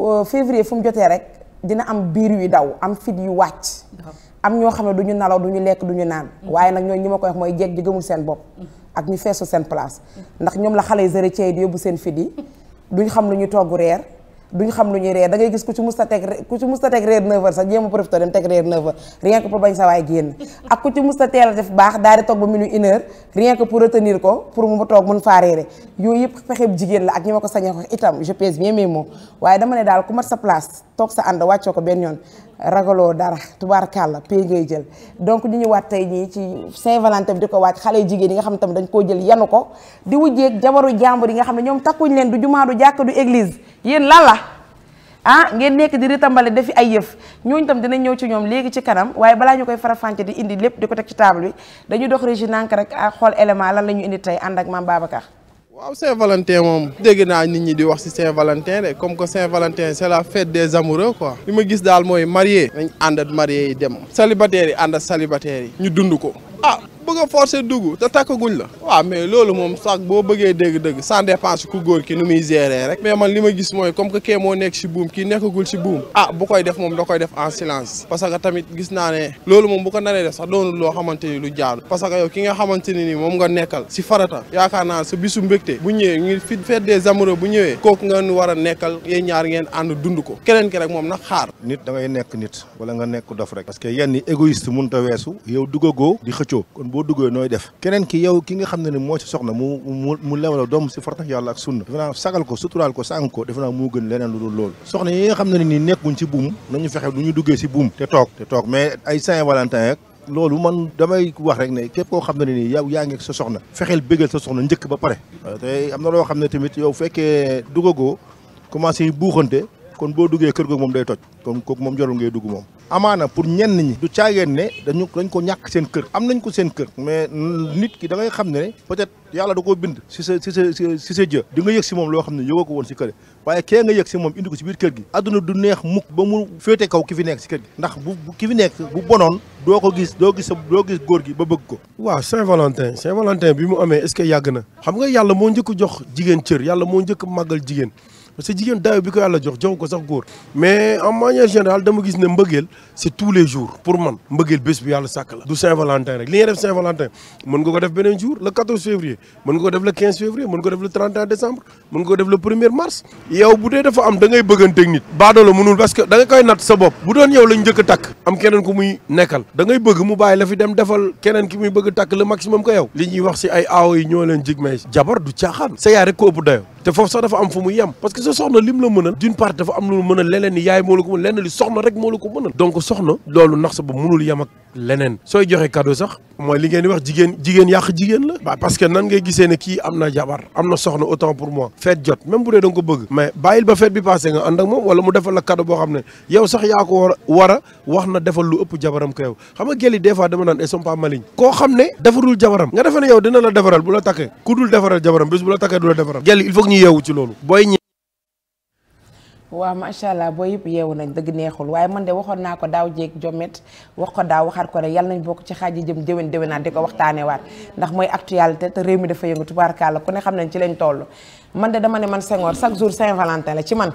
Euh, février fu mu jotee rek dina am biir yuy daw am fit yu wàcc. am ñoo xam ne du ñu nalaw du ñu lekk du ñu naan. Mm-hmm. waaye nag ñooñu ñi ma koy mooy jeeg ji gëmul seen bopp. Mm-hmm. ak ñu feesu seen place. Mm-hmm. ndax ñoom la xale yi di yóbbu seen fit yi duñ xam lu ñu togg reer. ñu xam lu ñuy reer da ngay gis ku ci musta teg ku ci musta teg reer 9h sax jéem a profité dem teg reer 9h rien que pour a daal di toog ba minuit une heure rien que pour retenir ko pour mu toog mun faa reere yooyu yëpp pexeb jigéen la ak ñi ma ko sañee wax itam je pèse bien mes waaye dama ne daal ku mat sa place toog sa ànd wàccoo ko benn yoon ragaloo dara tubaar pay ngay jël donc ñu ñu waat tey ñi ci Saint-Valentin bi di ko waaj xale jigéen yi nga xam ne tamit dañ koo jël yanu ko di wujjeeg jabaru jàmbur yi nga xam ne ñoom takkuñ leen du jumaa du jàkka du église yéen lan la ah ngeen nekk di ritambale defi ay yëf ñooñu tam dinañ ñëw ci ñoom léegi ci kanam waaye balaa ñu koy farafànce di indi lépp di ko teg ci table bi dañu dox régi nank rek ah, xool élément lan la ñu indi tey ànd ak maam Babacar waaw Saint-Valentin moom dégg naa nit ñi di wax ci Saint-Valentin de comme que Saint-Valentin c'est la fête des amoureux quoi li ma gis daal mooy marié nañ ànd ak marié yi dem célibataire yi ànd ak célibataire yi ñu dund ko ah bëgg a forcer dugg te takkaguñ la waaw mais loolu moom sax boo bëggee dégg-dëgg sans dépense ku góor ki nu muy gérer rek mais man li ma gis mooy comme que kee moo nekk si buum kii nekkagul si ah, bu koy def moom da koy def en silence parce que tamit gis naa ne loolu moom ko naree def sax loo xamante ni lu jaadu parce que yow ki nga xamante ne ni moom nga nekkal si farata yaakaar naa sa bisu mbégte bu ñëwee ñu fi fête des amoureux bu ñëwee kooku nga war a nekkal yéen ñaar ngeen ànd dund ko keneen ki rek moom nag xaar nit da nekk nit wala nga nekk dof rek parce que yenn égoïste mënut a weesu yow duggagoo go xëccoo kon boo duggee nooy def keneen ki yow ki nga xam ne ne moo ci soxna mu mu mu lewala doom si fartax yàlla ak sunna defe sagal ko suturaal ko sàng ko defe naa moo gën leneen lu dul loolu soxna yi nga xam ne ni nekkuñ ci buum nañu fexe du ñu duggee si buum te toog te toog mais ay Saint Valentin rek loolu man damay wax rek ne képp koo xam ne nii yow yaa ngi sa soxna fexeel bégal sa soxna njëkk ba pare te am na loo xam ne tamit yow fekkee dugagoo commencé buuxante kon boo duggee kër googu moom day toj kon kooku moom jarul ngay dugg amaana pour ñenn ñi du caageen ne dañu dañ ko ñàkk seen kër am nañ ko seen kër mais nit ki da xam ne peut-être yàlla da koo bind si sa si sa si sa yëg si moom loo xam ne yëgoo ko woon si kër waaye kee nga yëg si moom indi ko si biir kër gi adduna du neex mukk ba mu féete kaw ki fi nekk si kër gi ndax bu ki fi nekk bu bonoon doo ko gis doo gis doo gis góor gi ba bëgg ko waa Saint-Valentin sen valentin bi mu amee est-ce que yàgg na xam nga yàlla moo njëkk jox jigéen cër yàlla moo njëkk màggal jigéen parce que jigéen daayo bi ko yàlla jox jox ko sax góor mais en manière générale dama gis ne mbëggeel c'est tous les jours pour man mbëggeel bés bi yàlla sàkk la du Saint-Valentin rek li ngay def Saint-Valentin mën nga ko def beneen jour le 14 février mën nga ko def le 15 février mën nga le 31 décembre mën nga ko def le 1 mars yow bu dee dafa am da ngay bëgganteeg nit baadoo la mënul parce que da nga koy nat sa bopp bu doon yow lañ njëkk a takk am keneen ku muy nekka da bëgg mu bàyyi la fi dem defal keneen ki muy bëgg takk le maximum ko yow li ñuy wax si ñoo leen jig may jabar du caaxaan sa yaay rek ko ëpp te foofu sax dafa am fu mu yem parce que sa soxna lim la mënal d'une part dafa am lu mën a leneen yaay moo la ko mën leneen li soxna rek moo la ko mënal donc soxna loolu nax sa ba mënul yem ak leneen sooy joxe cadeau sax mooy li ngeen di wax jigéen jigéen yàq jigéen la ba parce que nan ngay gisee ne kii am na jabar am na soxna autant pour moi fête jot même bu dee da bëgg mais bàyyil ba fête bi passé nga ànd ak moom wala mu defal la cadeau boo na defal lu ëpp jabaram ko yow koo xam ne ne yow dina la ñi yeewu ci loolu booy ñi waaw macha allah boo yëpp yeewu nañ dëgg neexul waaye man de waxoon naa ko daaw jéeg jommet wax ko daaw waxaat ko ne yàlla nañ bokk ci xaaji jëm déwén déwénaat di ko waxtaanee waat ndax mooy actualité te réew mi dafa yëngu tubaarkàlla ku ne xam nañ ci lañ toll man de dama ne man Senghor chaque jour Saint-Valentin la ci man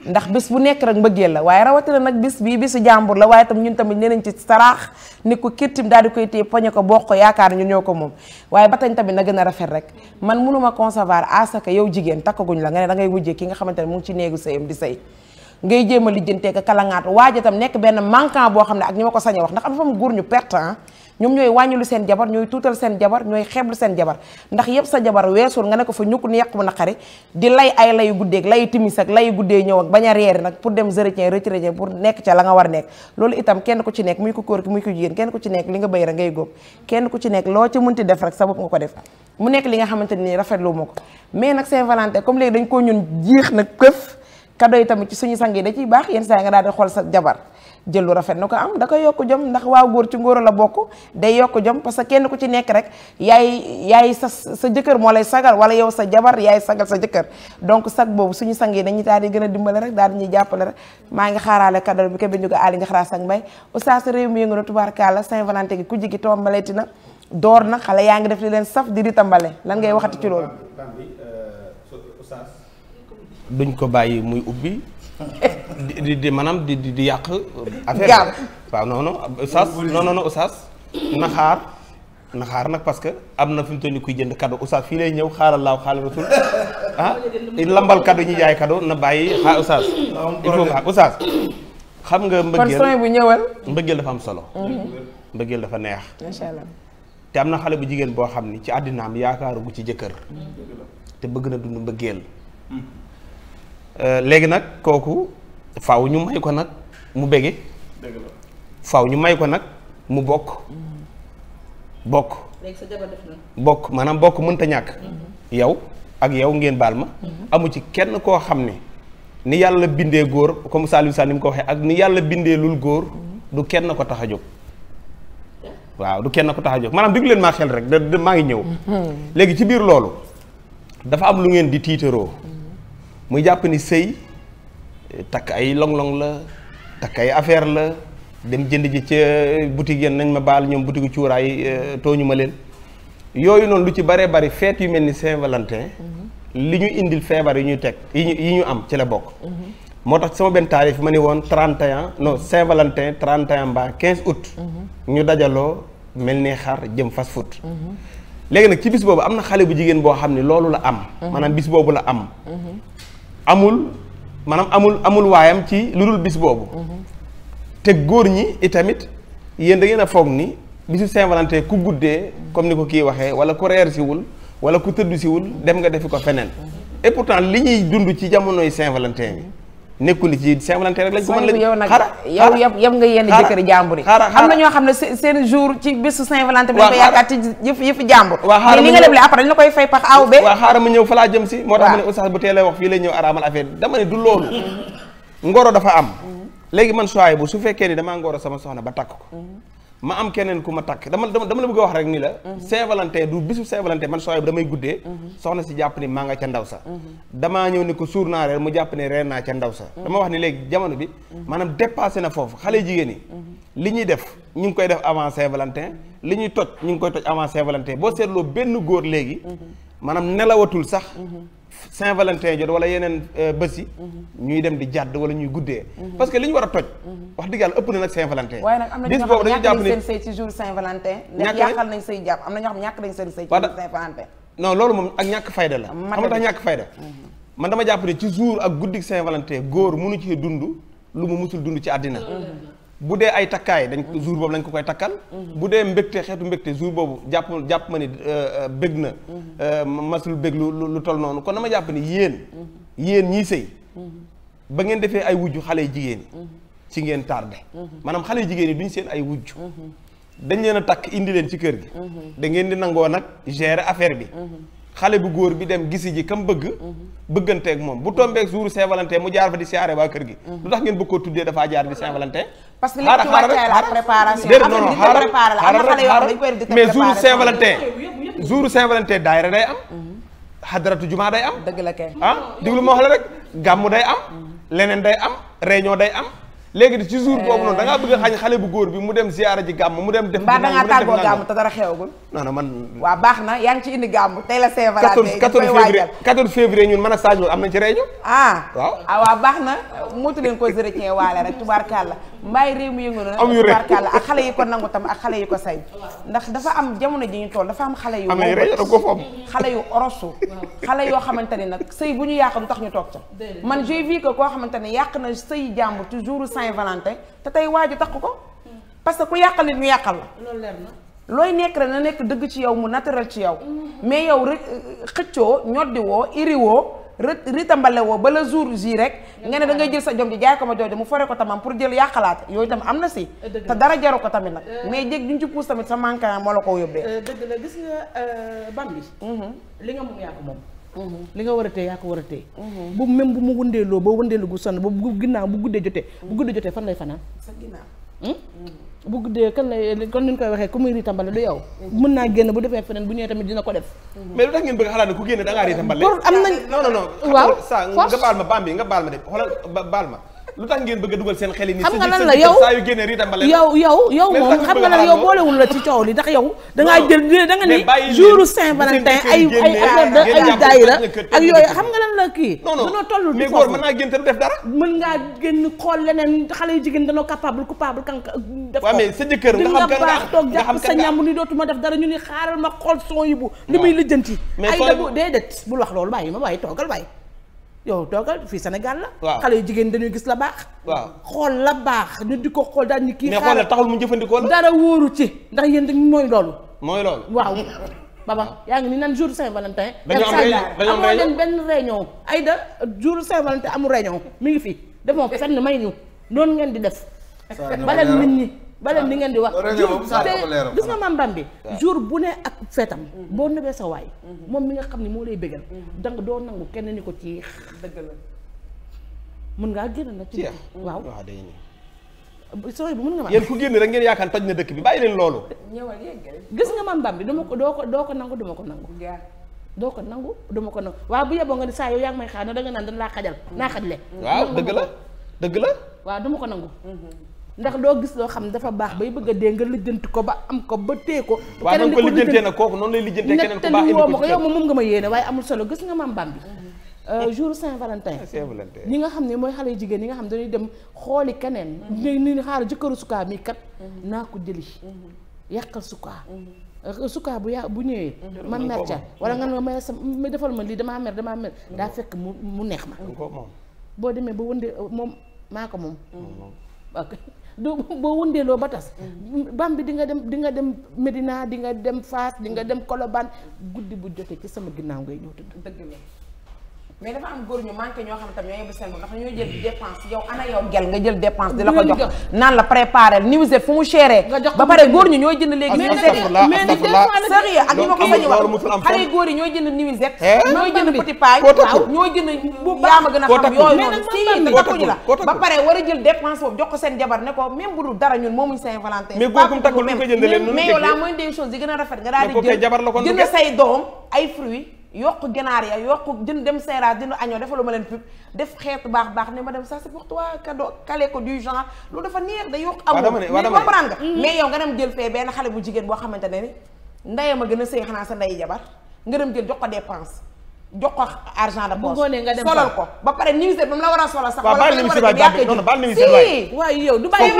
ndax bis bu nekk rek mbëggeel la waaye rawatina nag bis bii bisu jàmbur la waaye tam ñun tamit ñeneen ci saraax ni ko kirtim daal di koy téye poñe ko bokk ko yaakaar ñu ñoo ko moom waaye ba tañ tamit na gën a rafet rek man mënuma concevoir à ce que yow jigéen takkaguñ la nga ne da ngay wujjee ki nga xamante ne mu ngi ci néegu sëyam di sëy ngay jéem a lijjantee ka kalangaat waaja tam nekk benn manquant boo xam ne ak ñi ma ko sañe wax ndax am fa mu góor ñu perte ah. ñoom ñooy wàññilu seen jabar ñooy tuutal seen jabar ñooy xeeblu seen jabar ndax yëpp sa jabar weesul nga ne ko fa ñukk ni yàqu na xare di lay ay layu guddeeg layu timis ak layu guddee ñëw ak a reeri nag pour dem géretien retraité pour nekk ca la nga war nekk loolu itam kenn ku ci nekk muy ko kóor ki kenn ku ci nekk li nga béy rek ngay góob kenn ku nekk loo ci munti def rek sa bopp nga ko def nekk li nga xamante ni rafetlu ma mais nag Saint-Valentin comme léegi dañ koo ñun jiix nag këf cadeau yi tamit ci suñu sang yi da ciy baax yenn saa nga daal di xool sa jabar jël lu rafet na ko am da yokk jom ndax waaw góor ci ngooro la bokk day yokk jom parce que kenn ku ci nekk rek yaay yaay sa sa jëkkër moo lay sagal wala yow sa jabar yaay sagal sa jëkkër donc sag boobu suñu sang yi dañuy taal di gën a dimbale rek daal di ñuy jàppale rek maa ngi xaaraale kadal bi kebe ñu ko aali nga xaraa sang mbay oustaz réew mi yëngu na tubaarkalla Saint Valentin gi ku jigi tombaleeti na door na xale yaa ngi def li leen saf di di tambale lan ngay waxati ci loolu duñ ko bàyyi muy ubbi di di maanaam di di yàq. affaire waaw non non Oustaz non non Oustaz naxaar naxaar nag parce que am na fi mu toll kuy jënd cadeau Oustaz fii lay ñëw xaaral laaw xaaral rasul ah lambal cadeau ñi jaay cadeau na bàyyi xaar Oustaz. il faut nga Oustaz xam nga mbëggeel kon bu ñëwal. mbëggeel dafa am solo. Mhm. mbëggeel dafa neex. macha te am na xale bu jigéen boo xam ni ci àddinaam yaakaaru gu ci jëkkër. Mhm. te bëgg na dund mbëggeel. Mhm. Euh, léegi nag kooku faw ñu may ko nag mu bége faw ñu may ko nag mu bokk mm-hmm. bokk bokk maanaam bokk mënta ñàkk mm-hmm. yow ak yow ngeen baal ma mm-hmm. amu ci kenn koo xam ne ni yàlla bindee góor comme Saliou Sall ni mu ko waxee ak ni yàlla bindee lul góor du kenn ko tax a jóg waaw du kenn ko tax a jóg maanaam déglu leen maa xel rek da maa ngi ñëw léegi ci biir loolu dafa am lu ngeen di tiitaroo muy jàpp ni sëy takk ay long-long la takk ay affaire la dem jënd ji ca boutique yéen nañ ma baal ñoom boutique cuuraay euh, tooñu ma leen yooyu noonu lu ci baree bari feet yu mel ni Saint-Valentin mhm. li ñu indil feebar yu ñu teg yi ñu am ci la bokk mhm. moo tax sama benn taarif ma ni woon 31 non Saint-Valentin 31 mbaa 15 août mhm. ñu dajaloo mel ni xar jëm fast food léegi nag ci bis boobu am na xale bu jigéen boo xam ne loolu la am maanaam bis boobu la am amul maanaam amul amul waayam ci lu dul bis boobu te góor ñi itamit yéen da ngeen a foog ni bisu saint ku guddee comme ni ko kiy waxee wala ku reer siwul wala ku tëdd siwul dem nga def ko feneen et pourtant li ñuy dund ci jamonoy Saint-Valentin nekkul ci Saint-Valentin rek lañ ko mën a yow nag yow yam nga am na ñoo xam ne seen jour ci bésu Saint-Valentin bi dañ ko yaakaar ci yëf yëf jàmbur fa laa jëm si moo tax ma ne oustaz bu teelee wax fii lay ñëw mm-hmm. ngoro dafa am léegi man soaay bu su fekkee ni damaa ngoro sama soxna ba takk ko mm-hmm. ma am keneen ku ma takk dama dama la bëgg a wax rek ni la mhm. Saint-Valentin du bisu Saint-Valentin man sooy bu damay guddee mhm. soxna si jàpp ni maa nga ca ndaw sax mhm. damaa ñëw ni ko suur naa reer mu jàpp ne reer naa ca ndaw sa dama wax ni léegi jamono bi maanaam dépassé na foofu xale jigéen ñi li ñuy def ñu ngi koy def avant saint li ñuy toj ñu ngi koy toj avant saint boo seetloo benn góor léegi maanaam nelawatul sax Saint-Valentin jot wala yeneen euh, bés yi. Mhm. ñuy dem di jàdd wala ñuy guddee. Mhm. parce que li ñu war a toj. Mhm. wax dëgg yàlla ëpp na nag Saint-Valentin. waaye nag am na ñoo xam ñàkk jàpp am na ñoo xam ñàkk nañ seen sëy ci jour Saint-Valentin. non loolu moom ak ñàkk fayda la. xam nga tax ñàkk fayda. man dama jàpp ne ci jour ak guddi Saint-Valentin góor mënu ci dund lu mu musul dund ci àddina bu dee ay takkaay dañ ko jour boobu lañ ko koy takkal bu dee mbégte xeetu mbégte jour boobu jàpp jàpp ma ni euh, euh, bég na euh, masul bég lu lu tol noonu kon dama jàpp ni yéen yéen ñii sëy ba ngeen defee ay wujju xale jigéen ci ngeen tardé maanaam xale jigéen yi duñ seen ay wujj dañ leen a takk indi leen ci kër gi da ngeen di nangoo nag gérer affaire bi xale bu góor bi dem gisi ji kam bëgg mhm. bëgganteeg moom bu tombeeg jour Saint Valentin mu jaar fa di siyaare waa kër gi mhm. lu tax ngeen bëgg koo tuddee dafaa jaar di Saint Valentin parce que lépp mais jour Saint jour Saint Valentin daayira day am xadaratu mhm. jumaa day am dëgg la kay ah déglu ma wax la rek gàmmu day am leneen day am réunion day am léegi ci jour eh. boobu noonu da ngaa a xañ xale bu góor bi mu dem ziyaara ji gàmm mu dem def mbaa da ngaa tàggoo gàmm te dara xewagul non na yaa ngi ci indi gàmm tey la Saint Valentin 14 février 14 février ñun man ak Sadio am nañ ci réunion ah waaw ah baax na muutu leen ko gérétien waale rek tubaarkàlla mbaay réew mi yëngu na am yu tubaarkàlla ak xale yi ko nangu tam ak xale yi ko say ndax dafa am jamono ji ñu toll dafa am xale yu xale yu orosu xale yoo xamante bu ñu yàq du tax ñu toog ca man j'ai vu que koo xamante yàq na Saint-Valentin te tey waa ji takk ko parce que ku yàqal nit ñu yàqal la loolu leer looy nekk rek na nekk dëgg ci yow mu naturel ci yow mhm. mais yow rek xëccoo ñoddi woo iri woo ritambale woo ba le jour ji rek nga ne da ngay jël sa jom ji jaay ko ma jooju mu fare ko tamam pour jël yàqalaat yooyu tam am na si eh, te dara jaru ko tamit nag eh. mais jéeg duñ ci puus tamit sa manqué moo ko yóbbee eh, dëgg la gis nga euh, bam mhm. li nga Mm-hmm. li nga war a téye yaa ko war a téye mm-hmm. bu même bu mu wëndeeloo ba wëndeelu gu sonn bu guddee jotee bu guddee jotee fan lay fanaan sa ginnaaw hmm? mm-hmm. bu guddee kan lay kon ni koy waxee ku muy riitambale du yow mën naa génn bu defee feneen bu ñëwee tamit dina ko def mais lu tax ngeen bëgg xalaat ne ku génn da ngaa riitambale am nañ non non non waaw sa nga baal ma bam bi nga baal ma de xoolal baal ma lu tax ngeen bëgg dugal seen xel yi. xam nga lan la yow saa yu génnee riita mbale yow yow yow moom xam nga lan yow boolewul la ci coow li ndax yow. da ngaa jël da nga ni Saint Valentin ay ay xool leneen xale yu jigéen dañoo capable coupable kan def ko. waaw mais sa jëkkër nga xam kan nga nga baax toog jàpp sa ñàmb ni dootuma def dara ñu ni xaaral ma xool son yi bu li muy lijjanti ay bu bul wax loolu bàyyi ma bàyyi toogal bàyyi yow toogal fii Sénégal la. waaw xale yu jigéen dañuy gis la baax. waaw xool la baax ñu di ko xool daal ñu. kii xaaral mais xool taxul mu jëfandikoo la. dara wóoru ci ndax yéen dañ mooy loolu. mooy loolu waaw. baba yaa ngi ni nan jour Saint-Valentin. dañoo am réunion dañoo am réunion benn réunion. Aïda jour Saint-Valentin amul réunion mi ngi fi demoo fenn may ñu loolu ngeen di def. bala nit ñi. bale ni ah, ngeen di wax gis nga maam Bambi jour bu ne ak feetam mhm. boo nebee sa waay mhm. moom mi nga xam ne moo lay bégal mhm. danga doo nangu kenn ni ko ci dëgg mën ngaa génn na ci waaw sooy bu mën nga ma yéen ku génn rek ngeen yaakaar toj na dëkk bi bàyyi leen loolu ñëwal gis nga maam Bambi duma ko doo ko doo ko nangu duma ko nangu doo ko nangu duma ko nangu waaw bu yeboo nga ni saa yow yaa ngi may xaar na da naan dana laa xajal naa le waaw dëgg la dëgg la waaw duma ko nangu ndax doo gis loo xam dafa baax bay bëgg a dee nga lijjanti ko ba am ko ba tee ko keneen ko lijjantee nag kooku noonu lay lijjantee keneen ko baax indi ko ma ko yow moom nga ma yéene waaye amul solo gis nga maam Bambi mm-hmm. euh, jour Saint-Valentin ñi nga xam ne mooy xale jigéen ñi nga xam dañuy dem xooli keneen mm-hmm. ni xaar jëkkëru sukaa mi kat mm-hmm. naa ko jëli yàqal sukaa euh, sukaa bu ya bu ñëwee man mer ca wala nga nga may sama defal ma lii damaa mer damaa mer daa fekk mu mu neex ma boo demee ba wënde moom maa ko moom du boo wundeeloo ba tas mm. bam bi di nga dem di nga dem Médina di nga dem Fass di nga mm. dem Colobane guddi bu jotee ci sama ginnaaw ngay ñëw tëdd dëgg la mais dafa am góor ñu manqué ñoo xam ne tam ñoo yebbi seen bopp dafa ñoo jël dépense di la ko jox naan la préparé niwse fu mu chéré ba pare góor ñi ñooy jënd léegi niwse jënd niwse ñooy jënd petit paay jënd yaa gën a xam yooyu noonu si takkuñu la ba pare war a jël dépense boobu jox ko seen jabar ne ko même bu dul dara ñun moomuñ Saint Valentin mais góor kum takkul lu ko jënd leen mais yow la moindre des yi gën a rafet nga daal di jël jënd say doom ay fruits yokk ganaar ya yokk jën dem seeraas jënd añoo defalu ma leen pub def xeetu baax baax ne ma dem ça c'est pour toi cadeau calé ko du genre lu dafa neex day yokk amul mais comprendre nga mm-hmm. mais yow nga dem jël fee benn xale bu jigéen boo xamante ne ni ndeyam a gën a sëy xanaa sa ndey jabar nga dem jël jox ko dépense jox ko argent de poche solal ko ba pare nimisé ba mu la war a solal sax wala mu war a yàq si waaw yow du bàyyi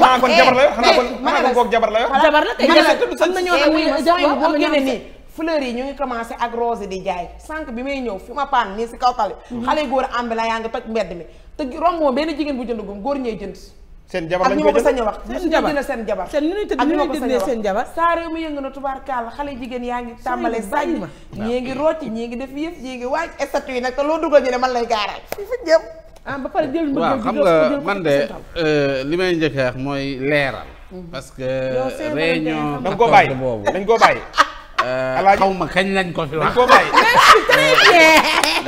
ma kon eh, jabar la yor xanaa eh, kon jabar la yor jabar la kay am na ñoo eh, xam ne boo génne nii fleur yi ñu ngi commencé ak rose di jaay sànq bi may ñëw fi ma paan nii si kaw tali mhm. xale góor am bi la yaa ngi toj mbedd mi te romboo benn jigéen bu jënd gum góor ñee jënd seen jabar lañ ko ñu ma ko sañ a seen jabar seen jabar seen ñu ñu tëddee seen jabar saa réew mi yëngu na tubaarkàlla xale jigéen yaa ngi tàmbale sànni ma ñii ngi rocci ñii ngi def yëf ñii ngi waaj statut yi nag loo dugal ñu ne man lay gaaral fi jëm ah ba pare jël waaw xam nga man de euh, li may njëkk a wax mooy leeral mm-hmm. parce que réunion dañ koo bàyyi dañ koo bàyyi Euh, xaw ma kañ lañ ko fi wax.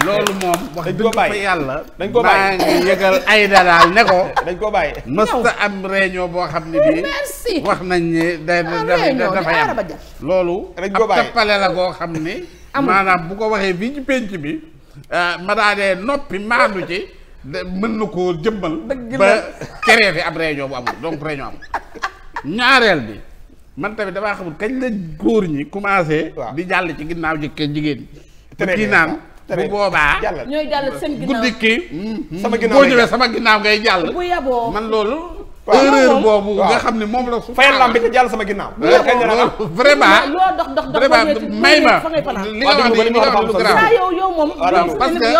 loolu moom. wax dëgg yàlla. dañ ko bàyyi maa ngi yëgal ay daraal ne ko. dañ ko bàyyi. mësta am réunion boo xam ne bii. wax nañ ne day ah, dafay am. loolu. dañ ko la boo xam ne. maanaam bu ko waxee fii ci pénc bi. Euh, ma daanee noppi maandu ci. mën na koo jëmmal. ba teree fi ab réunion bu amul donc réunion amul. ñaareel bi. man tamit damaa xamul kañ la góor ñi commencé. di jàll ci ginnaaw jëkkër jigéen ñi. très bien naan bu boobaa. ñooy jàll seen ginnaaw guddi kii. sama ginnaaw boo ñëwee sama ginnaaw ngay jàll. bu yaboo man loolu. erreur boobu nga xam ne moom la. fayal lambi te jàll sama ginnaaw. Eh, vraiment dox dox dox ma li nga moom. parce que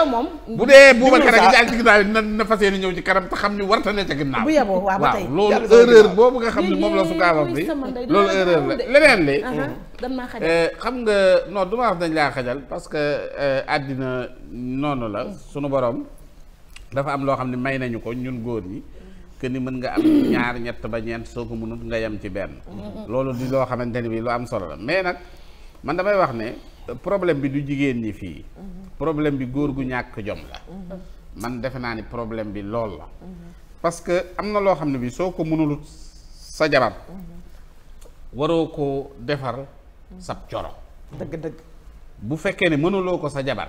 bu dee Boubacar ak jàll ci xam ne warta ne bu yeboo waaw ba boobu nga xam ne moom la su kaabam bi loolu erreur la leneen li. Eh, xam nga non du ma dañ laa xajal parce que eh, àddina noonu la mm. sunu boroom dafa am loo xam ne may nañu ko ñun góor ñi que ni mën nga am ñaar ñett ba ñeent soo ko mënut nga yem ci benn. loolu di loo xamante ni bi lu am solo la mais nag man damay wax ne problème bi du jigéen ñi fii. problème bi góor gu ñàkk jom la. man defe naa ni problème bi lool la. parce que am na loo xam ne bi soo ko mënulut sa jabar. waroo ko defar sab coro. fekkee ne mënuloo sa jabar.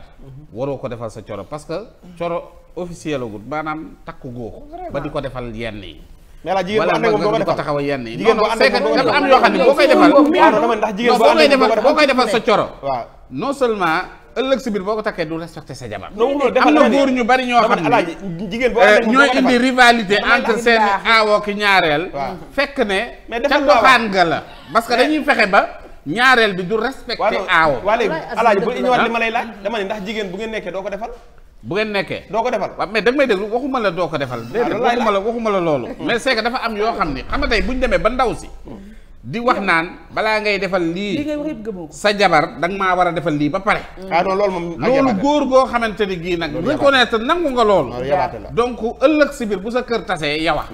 coro parce coro. officiel agut maanaam takku góo ba di ko defal yenn yi mais jigéen bu ànd ak moom doo ko defal taxaw yenn yi jigéen bu ànd ak dafa am yoo xam ne boo koy defal ndax jigéen boo koy defal boo sa coro waaw non seulement ëllëg si biir boo ko takkee du respecté sa jabar am na góor ñu bari ñoo xam ne ñooy indi rivalité entre seen aawoo ki ñaareel fekk ne ca doxaan ga la parce que dañuy fexe ba ñaareel bi du respecté aawo waa léegi alaaji bu ñëwaat li ma lay laaj dama ne ndax jigéen bu ngeen nekkee doo ko defal bu ngeen nekkee doo ko defal waaw mais da nga may déglu waxuma la doo ko defal ah, déedéet waxuma la waxuma la loolu mm. mais c'est dafa am yoo xam ne xam nga tey bu ñu demee ba ndaw si mm. di wax naan balaa ngay defal lii sa jabar danga maa war a defal lii ba pare mm. ah loolu moom loolu góor goo xamante ni gii nag reconnaître nangu nga loolu donc ëllëg si biir bu sa kër tasee yawa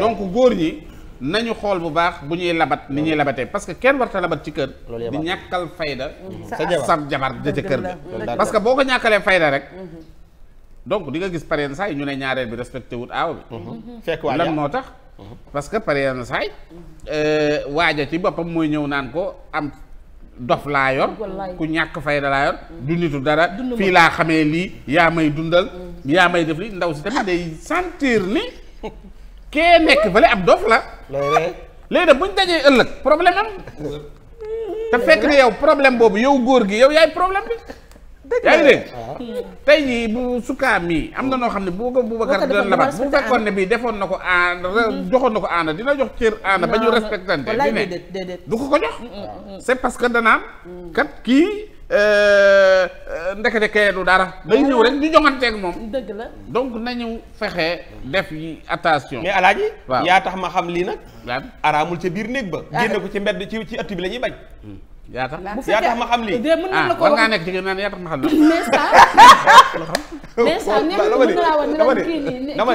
donc góor ñi nañu xool bu baax bu ñuy labat ni ñuy labatee parce que kenn warta labat ci kër di ñàkkal fayda sa jabar da ca kër ga parce que boo ko ñàkkalee fayda rek mm-hmm. donc dinga gis pare yenn saa yi ñu ne ñaareel bi respecté wut aaw bi. Mhm. fekk waa lan moo tax. Mhm. parce que pare na saa yi euh, waaja ci boppam mooy ñëw naan ko am dof laa yor. ku ñàkk fayda laa yor. Mhm. du nitu dara fii laa xamee lii yaa may dundal. yaa may def lii ndaw si tamit day sentir ni. kee nekk fële ab dof la. léegi nag bu ñu dajee ëllëg problème am. te fekk ne yow problème boobu yow góor gi yow yaay problème bi. yaa ngi dégg ah. hmm. tey jii bu sukaa mi am na noo xam ne bu ko Boubacar doon labat bu fekkoon ne bii defoon na ko aana hmm. joxoon na ko aana dina jox cër aana ba ñu respectante di ne du ko ko jox hmm, c'est parce que danaan kat kii euh, euh, ndekete kee du dara day ñëw rek ñu joxanteeg moom dëgg la donc nañu fexe def yi attention mais alaaji waaw yaa tax ma xam lii nag araamul ca biir néeg ba ah. génne ko ci mbedd ci ci ëtt bi la ñuy bañ yaa tax yaa tax ma xam lii ah war ngaa nekk jigéen naan yaa tax ma xam lii. mais ça. mais ça dama ne dama ne dama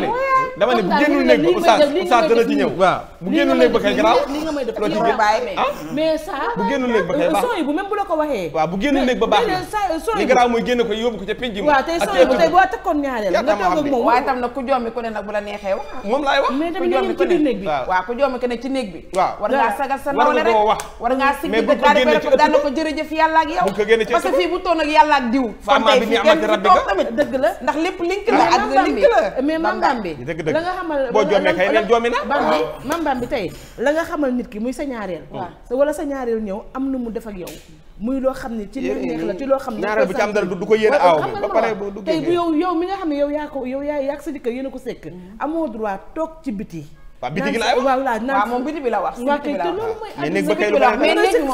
ne bu génnul nekk ba oustaz oustaz dana ci ñëw. waaw bu génnul nekk ba kay garaaw. li nga may def li nga may ah? mais ça bu génnul nekk ba kay baax son yi bu même bu la ko waxee. waaw bu génnul nekk ba baax na euh, li garaaw mooy génn ko yóbbu ko ca penc ma. waaw tey son yi bu tey boo takkoon ñaareel nga toog ak moom. waaye tam nag ku jommi ku ne nag bu la neexee wax. moom laay wax mais tamit ñu ci biir néeg bi. waaw ku jommi ku ne ci néeg bi. waaw war ngaa sagal sa nawle rek war ngaa siggi na ko daan na ko jërëjëf yàlla ak yow parce que fii bu toon ak yàlla ak diw fama bi ni amati rab bi tamit dëgg la ndax lépp link la ak link la mais mam bam bi nga xamal boo joomee kay neen joomi na bam bi mam tey la nga xamal nit ki muy sa ñaareel hmm. wala sa ñaareel ñëw am na mu def ak yow muy loo xam ne ci neex ci loo xam ne ñaareel bu ci am dara du ko yéen aaw ba pare tey yow yow mi nga xam ne yow yaa ko yow yaa yaa sa jëkkër yéen a ko sekk hmm. amoo droit toog ci biti waa biti gi laay wax waaw moom biti bi la wax. biti bi la wax mais néeg ba kay wax dëgg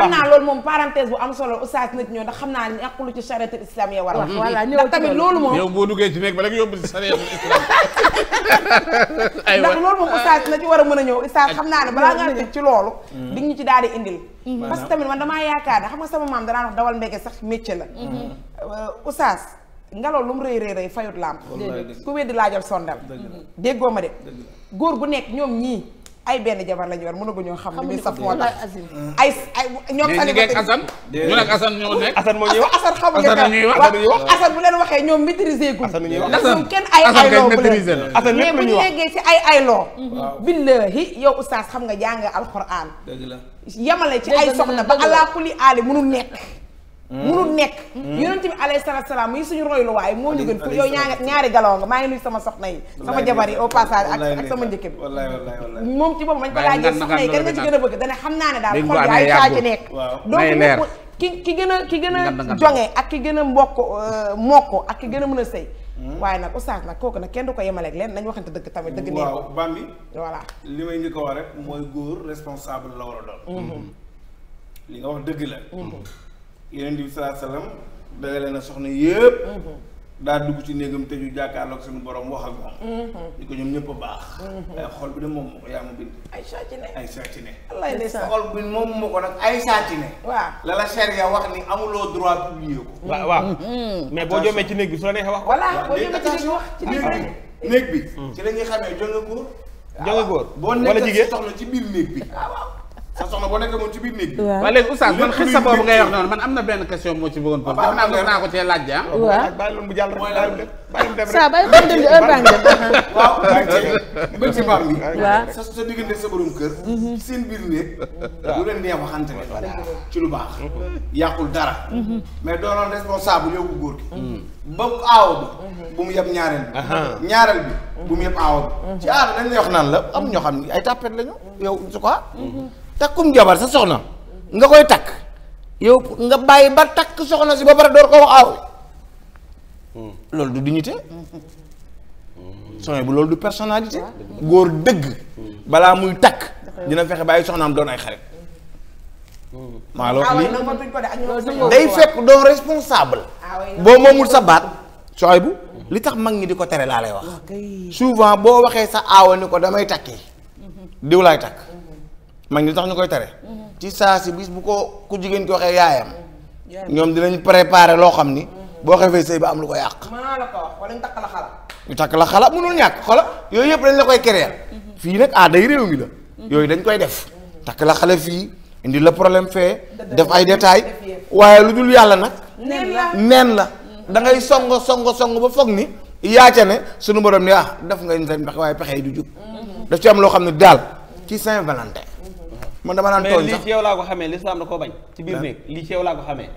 xam naa loolu moom parenthèse bu am solo oustaz nit ñoo ndax xam naa a wax ndax tamit loolu moom yow boo duggee ci néeg ba rek yóbbu ci charia islam a mën a ñëw oustaz xam naa ne balaa ngaa tëj ci loolu mm. di ci daal di indil mm. parce que tamit man damaa yaakaar ne xam nga sama maam danaan wax dawal mbége sax métier la mm-hmm. euh, oustaz ngelaw lu mu rëy rëy rëy fayut làmp ku weddi laajal sondal déggoo ma de góor gu nekk ñoom ñii ay benn jabar lañu war mënagu ñoo xam ni saf moo tax ay ay ñoom sani asan moo ñuy wax asan xamu nga asan bu leen waxee ñoom maîtriser guñ ndax ñoom kenn ay ay loo bu leen mais bu ñu yeggee ci ay ay loo yow oustaz xam nga jàng alquran yamale ci ay soxna ba ala kulli aali mënul nekk munul nekk yonent bi alayhi salaatu salaam muy suñu roylu waay moo ñu gën yow ñaari ñaari galoo nga maa ngi nuyu sama soxna yi sama jabar yi au passage ak sama njëkk bi moom ci boobu mañ ko laajee soxna yi kan nga ci gën a bëgg dana xam naa ne daal xol yaay saa ci nekk donc ki ki gën a ki gën a jonge ak ki gën a mbokk euh, mokk ak ki gën a mën a sëy hmm? waaye nag oustaz nag kooku nag kenn du ko yemaleeg leen nañu waxante dëgg tamit dëgg nee waaw bambi li a wax rek mooy góor responsable la war a hmm. li dëgg la hmm. yeneen bi salaa salaam dajale na soxna yëpp. Mhm. daa dugg ci néegam te ñu jàkkaarloog suñu borom wax ak moom. Mhm. ni ko ñoom ñëpp a baax. Mhm. ay xol bi de moom moo ko yaa ma bind. ay saatine ay saatine. wallaay ndeysaan xol bi moom moo ko nag ay saatine. waaw la la charia wax ni amuloo droit publier ko. waaw waaw. mais boo jomee ci néeg bi su la neexee wax. voilà boo jomee ci néeg bi wax ci néeg bi. néeg bi ci la ñuy xamee jonge góor. jonge góor boo nekk soxla ci biir néeg bi. Ah, boo nekk moom ci biir néeg bi waaw léegi oustaz man xissa boobu ngay wax noonu man am na benn question moo ci bëggoon xam naa bëgg naa ko cee laaj ah waaw sa sa sa borom kër mhm. seen biir néeg bu leen neex waxante ci lu baax mhm. yàqul dara mhm. mais doonoon responsable yow góor gi ba aawo bi bu mu yeb ñaareel bi ñaareel bi bu mu yeb aawo bi ci aada dañ wax naan la am ñoo xam ne ay tàppet lañu yow su ko takkum jabar sa soxna nga koy takk yow nga bàyyi ba takk soxna si ba pare door ko wax aaw hmm. loolu du dignité hmm. soxna bu loolu du personnalité góor dëgg balaa muy takk dina fexe bàyyi soxnaam doon ay xarit hmm. maa la wax lii day fekk doon responsable boo moomul sa baat soxna bu li tax mag ñi di ko tere laa lay wax ah, souvent boo waxee sa aawa ni ko damay takki diw takk mag ñi tax ñu koy tere. ci saa si bis bu ko ku jigéen ki waxee yaayam. ñoom dinañ préparer loo xam ni. boo xefee sëy ba am lu ko yàq. maa la ko wax wala ñu takk la xala. ñu takk la xala mënul ñàkk xola yooyu yëpp dañ la koy créer. fii nag ah day réew mi la. yooyu dañ koy def. takk la xale fii indi la problème fee. def ay détails waaye lu dul yàlla nag. neen la neen da ngay songo songo songo ba foog ni. yaaca ne sunu borom ni ah def nga ñu seen pexe waaye pexe yi du jub. daf ci am loo xam ne daal ci Saint-Valentin. man dama naan tooñ sax mais lii ci yow laa ko xamee lislaam da koo bañ. ci biir néeg lii ci yow laa ko xamee.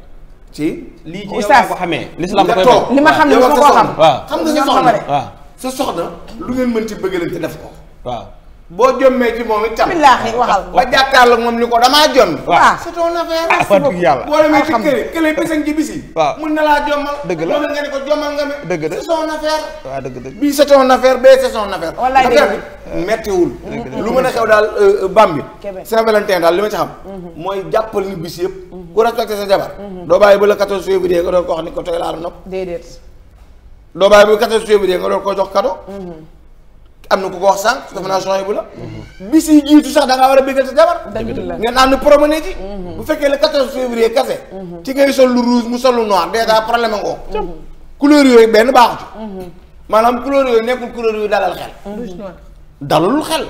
ci lii ci yow laa ko xamee. lislaam da koy bañ li ma xam ne ma koo xam. waaw xam nga sa soxna. waaw sa soxna lu ngeen mën ci bëggalante def ko. waaw boo jommee ci moom itam. billaahi waxal ba jàkkaarloog moom ni ko damaa jommi. waaw ah, c'est affaire. ah wax dëgg na la moom nga ne ko jommal nga ne. dëgg la c'est son affaire. waaw dëgg affaire bee c'est affaire. wallaay dëgg affaire lu mën a xew daal euh, euh, bambi. Saint-Valentin daal li ma ci xam. Mhm. mooy jàppal ni bis yëpp. Mhm. ku respecté sa jabar. Mhm. doo bàyyi ba la 14 février nga doon ko wax ni ko tey laa nopp. déedéet. doo bàyyi ba 14 février nga doon ko jox cadeau am na ku ko wax sànq mm-hmm. dafa naa changé bu la mm-hmm. bis yi jiitu sax da ngaa war a bégal sa jabar ngeen ànd promené ji mm-hmm. bu fekkee le 14 février kase ci ngay sol lu rouge mu sol lu noir dèjà problème ngoo couleur yooyu benn baaxu ci maanaam couleur yooyu nekkul couleur yooyu dalal xel dalul xel.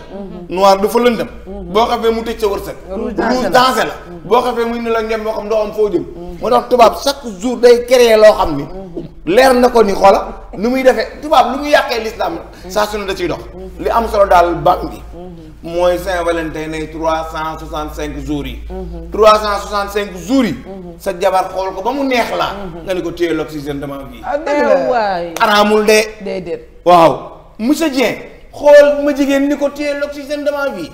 noir dafa lëndëm. boo xafee mu tëj sa wërsëg. rouge dansé la boo xafee mu indi la ngeen boo xam doo am foo jëm. Mm. moo tax tubaab chaque jour day loo xam ni. leer na ko ni xoola nu muy defee tubaab lu muy yàqee lislaam la. Mm. saa su ne da ciy dox. Mm. li am solo daal banque bi. Mm-hmm. mooy Saint-Valentin nay trois cent soixante cinq jours yi. Mm-hmm. trois cent soixante cinq jours yi. Mm-hmm. sa jabar xool ko ba mu neex la nga ni ko téye l'oxygène dama vie. ah dëgg la eh, araamul de. déedéet waaw monsieur Dieng. xool ma jigéen ni ko téye l'oxygène de ma bi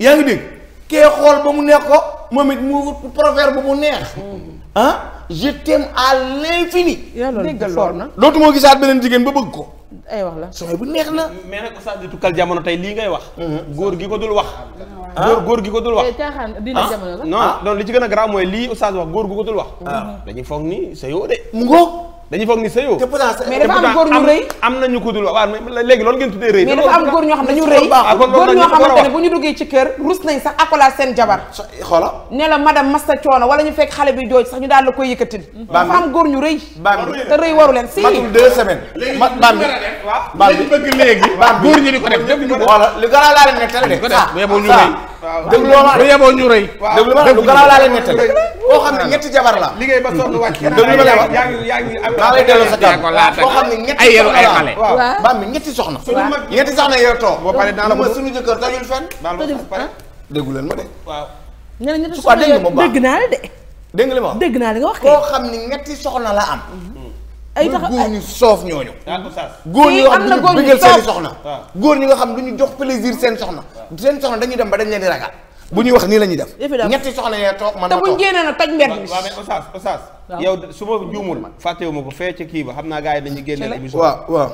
yaa ngi dégg kee xool ba mu neex ko moom it mu proverbe bu mu neex. ah je t'aime à l'infini. déggal lool na dootu moo gisaat beneen jigéen ba bëgg ko. ay wax la sooy bu neex na. mais nag saa di tukkal jamono tey lii ngay wax. Mm-hmm. góor gi ko dul wax. Ah? góor góor gi ko dul wax. Eh, ah? non ah? non li ci gën a garaaw mooy lii oustaz wax góor gu ko dul wax. dañuy foog ni sa yoo de. mu ngoog. dañuy foog ni sëyoo. te pourtant mais dafa am góor ñu rëy am nañu ko dul waaw léegi loolu ngeen tuddee rëy. mais dafa am góor ñoo xam dañu ñu rëy baam bi yeboo ñu rëy lu garaaw laa leen nettali koo xam ne ñetti jabar la. liggéey ba sonn wàcc. dëgg la yaa ngi yaa ngi am. maa lay delloo sa kàddu koo xam ne ñetti ay yeru ay xale. waaw maam mi ñetti soxna. waaw ñetti soxna yow too. boo paree daanaka ma suñu jëkkër tajul fenn. baal ma pare ah? déggu leen ma de. waaw. nee na ñetti soxna yow dégg naa la de. dégg nga li ma wax dégg naa li nga wax koo xam ne ñetti soxna la am. Mm-hmm. ay tax góor ñu soof ñooñu. Ah, góor ñi nga xam duñu bëggal seen soxna. Ah. góor ñi nga xam duñu jox plaisir seen soxna. seen soxna dañuy dem ba dañ leen di ragal bu ñuy wax nii la ñuy def. ñetti soxna yee toog man ma toog te bu ñu génnee na toj mbedd bi. waaw mais Oustaz Oustaz. yow su ma juumul fàttewu ma ko fee ca kii ba xam naa gars yi dañuy génne émission. waaw waaw.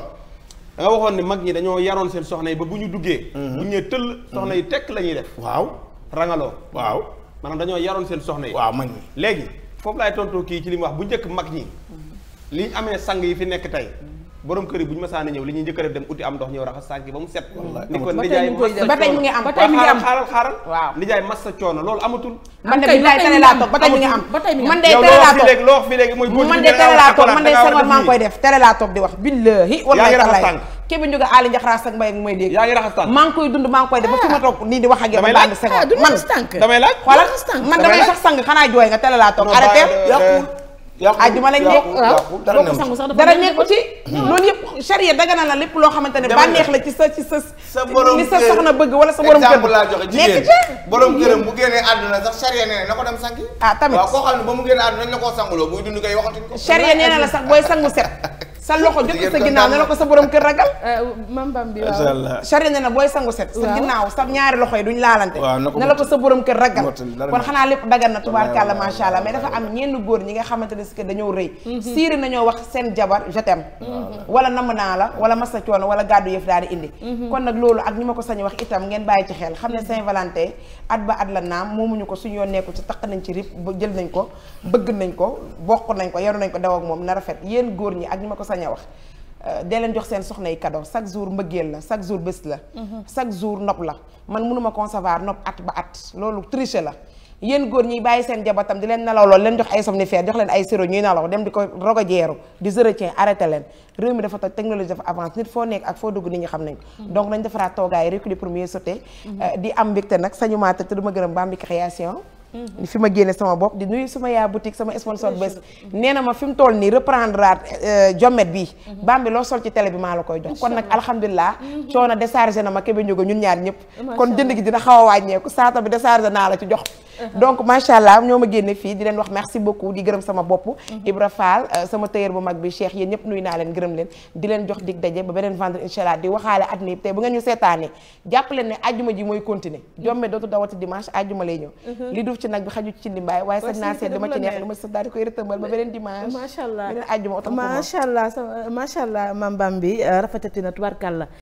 da nga waxoon ne mag ñi dañoo yaroon seen soxna yi ba bu ñu duggee. Mhm. bu ñu nee tëll tekk la ñuy def. waaw rangaloo. waaw maanaam dañoo yaroon seen soxna yi. waaw mag ñi léegi foofu laay tontoo kii ci li mu wax bu njëkk mag ñi. Mhm. liñ amee sang yi fi nekk tey mhm. borom kër yi bu ñu ma saana ñëw li ñuy njëkk a def dem uti am ndox ñëw raxas sànki ba mu set ni ko nijaay ba tey mu ngi am ba tey mi ngi am xaaral xaaral waaw nijaay mas sa coono loolu amatul man de bilaay tele laa toog ba tey mi ngi am ba tey mi ngi am man de tele laa toog loo wax fi léegi mooy man de tele laa toog man de sama maa ngi koy def tele laa toog di wax billaahi wallaay taalaay képp njóge aali njaxaraas ak mbay ak may dégg yaa ngi raxas tànk maa ngi koy dund maa ngi koy def ba fi ma toog nii di wax ak yow ba ànd seconde ah, man damay laaj xoolal man damay sax sang xanaa jooy nga tele laa toog arrêté ajuma ah, lañ nekk waaw dara nekku ci dara nekku ci loolu yëpp charia dagana la lépp loo xamante ne bànneex la ci sa ci sa li sa soxna bëgg wala sa borom kër laa joxe jigéen borom këram bu génnee àdduna sax charia nee na ko dem sangi ah tamit koo xam ne ba mu génnee àdduna nañ la koo sanguloo buy dund kay waxatuñ ko nee na la sax booy sangu set sa loxo jot sa ginnaaw ne la ko sa borom kër ragal. Eh, mambam bi waaw macha allah. chari ne na booy sangu set. sa ginnaaw sa ñaari loxo yi duñ laalante. ne la ko sa borom kër ragal. kon xanaa lépp dagan na tubaarkàlla macha allah mais dafa am ñenn góor ñi nga xamante ne si que dañoo rëy. Mhm. siiri nañoo wax seen jabar je t'aime. wala naa la wala masa coono wala gàddu yëf daal di indi. Mhm. kon nag loolu ak ñi ma ko sañ wax itam ngeen bàyyi ci xel xam ne mhm. Saint-Valentin at ba at la naam moomuñu ko suñu ko bëgg nañ ko ko yaru nañ ko daw ak na rafet yéen góor ñi ak bañ a wax euh, dee leen jox seen soxna yi cadeau chaque jour mbëggeel la chaque jour bés la mhm. chaque jour nopp la man mënuma concevoir nopp at ba at loolu triche la yéen góor ñi bàyyi seen jabatam di leen nelaw lool leen jox ay somnifère jox leen ay sirop ñuy nelaw dem di ko rogo jeeru di géretien arrêté leen réew mi dafa toj dafa avance nit foo nekk ak foo dugg nit ñi xam nañ mhm. donc nañ defaraat toogaay reculer pour mieux mhm. euh, di am mbégte nag sañu te fi ma génne sama bopp di nuy sama yaa boutique sama sponsor bés nee na ma fi mu toll nii reprendre aat jomet euh, bi mhm. bambi loo sol ci tele bi maa la koy jox kon nag alhamdulilah mhm. coono déchargé na ma kebe ñogo ñun ñaar ñëpp kon jënd gi dina xaw a wàññeeku saata bi déchargé naa la ci jox Uh-huh. donc macha allah ñoo ma génne fii di leen wax merci beaucoup di gërëm sama bopp uh-huh. Ibra Fall uh, sama tailleur bu mag bi Cheikh yéen ñëpp nuyu naa leen gërëm leen di leen jox dig daje ba beneen vendre incha allah di waxaale at mi tey bu ngeen ñu seetaanee jàpp leen ne ajjuma ji mooy continuer jomme uh-huh. dootu dawati dimanche ajjuma lay ñëw li duuf ci nag bi xaju ci ndimbaay waaye sax naa seet dama ci neex li ma sax daal di koy rëtëmbal ba beneen dimanche macha allah beneen ajjuma macha allah macha allah Mame Bambi uh,